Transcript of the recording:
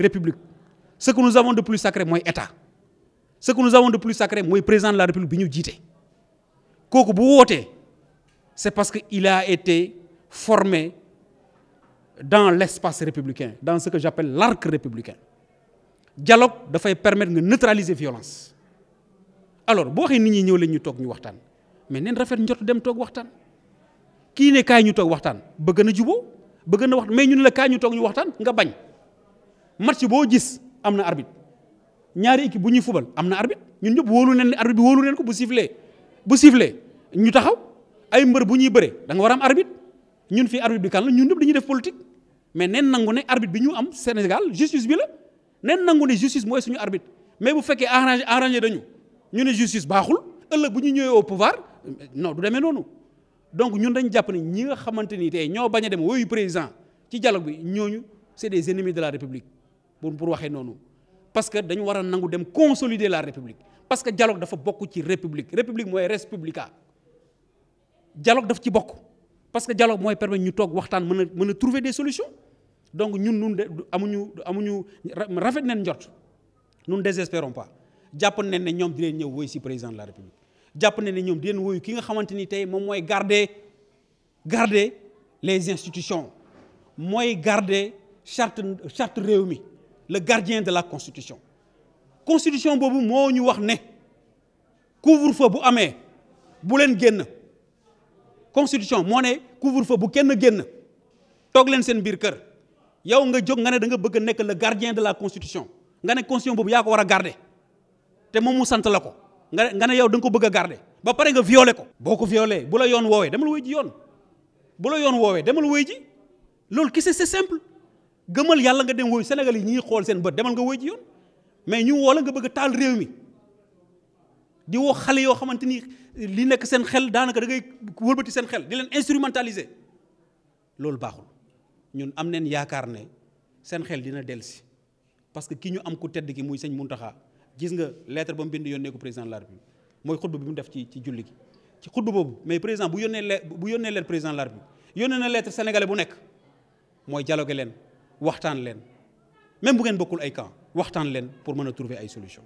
république ce que nous de plus sacré mooy état ce que de plus sacré mooy président de la république bi ñu jiite kooku bu wootee c'est parce que il a été formé dans l'espace républicain dans ce que j'appelle l'arc républicain dialogue dafay permettre nga neutraliser violence alors boo waxee nit ñi ñëw leen ñu toog ñu waxtaan mais neen rafet njot dem toog waxtaan kii ne kaay ñu toog waxtaan bëgg na jubo bëgg na wax mais ñun la kaay ñu toog ñu waxtaan nga bañ match boo gis am na arbitre ñaari équipe bu ñuy fubal am na arbitre ñun ñëpp wóolu neen arbitre bi wóolu neen ko bu sifflé bu sifflé ñu taxaw ay mbër bu ñuy bëre da nga war a am ñun fii arbitre bi kan la ñun ñëpp dañuy def politique mais neen nangu ne arbitre bi ñu am Sénégal justice bi la neen nangu ne mooy suñu arbitre mais bu fekkee arrangé arrangé dañu ñu ne justice baaxul ëllëg bu ñu ñëwee au pouvoir non du demee noonu donc ñun dañ jàpp ne ñi nga xamante ni tey ñoo bañ a dem woyu président ci dialogue bi ñooñu c'est des ennemis de la République pour pour waxee noonu parce que dañu war a nangu dem consolider la république parce que dialogue dafa bokk ci république république mooy res publica dialogue daf ci bokk parce que dialogue mooy permettre ñu toog waxtaan mën a mën a trouver des solutions donc ñun nun de amuñu amuñu rafet nañ njort nun désespérons pas jàpp nañ ne ñoom di leen ñëw woy si président de la république jàpp nañ ne ñoom di leen woyu ki nga xamante ni tey moom mooy garde garder les institutions mooy garder charte charte réew mi le gardien de la constitution constitution boobu moo ñu wax ne couvre-feu bu amee bu leen génn constitution moo ne couvre-feu bu kenn génn toog leen seen biir kër yow nga jóg nga ne da bëgg nekk le gardien de la constitution nga ne constitution boobu yaa ko war a garder te moom mu sant la ko nga nga ne yow da nga ko bëgg a garder ba pare nga violer ko. boo ko violer bu la yoon woowee demal wéy ji yoon bu la yoon woowee demal wéy ji loolu kese c'est simple. gëmal yàlla nga dem woy Sénégal yi ñuy xool seen bët demal nga woy ci yoon mais ñu woo la nga bëgg a taal réew mi di woo xale yoo xamante ni li nekk seen xel daanaka da ngay wëlbati seen xel di leen instrumentaliser loolu baaxul ñun am neen yaakaar ne seen xel dina dellusi parce que ki ñu am ku tedd ki muy sëñ Muntaxa gis nga lettre ba mu bind yónnee ko président de la République mooy xutba bi mu def ci ci julli gi ci xutba boobu mais président bu yónnee le bu yónnee leen président de la yónnee na lettre sénégalais bu nekk mooy dialogue leen waxtaan leen même bu ngeen bokkul ay camp waxtaan leen pour mën a trouver ay solution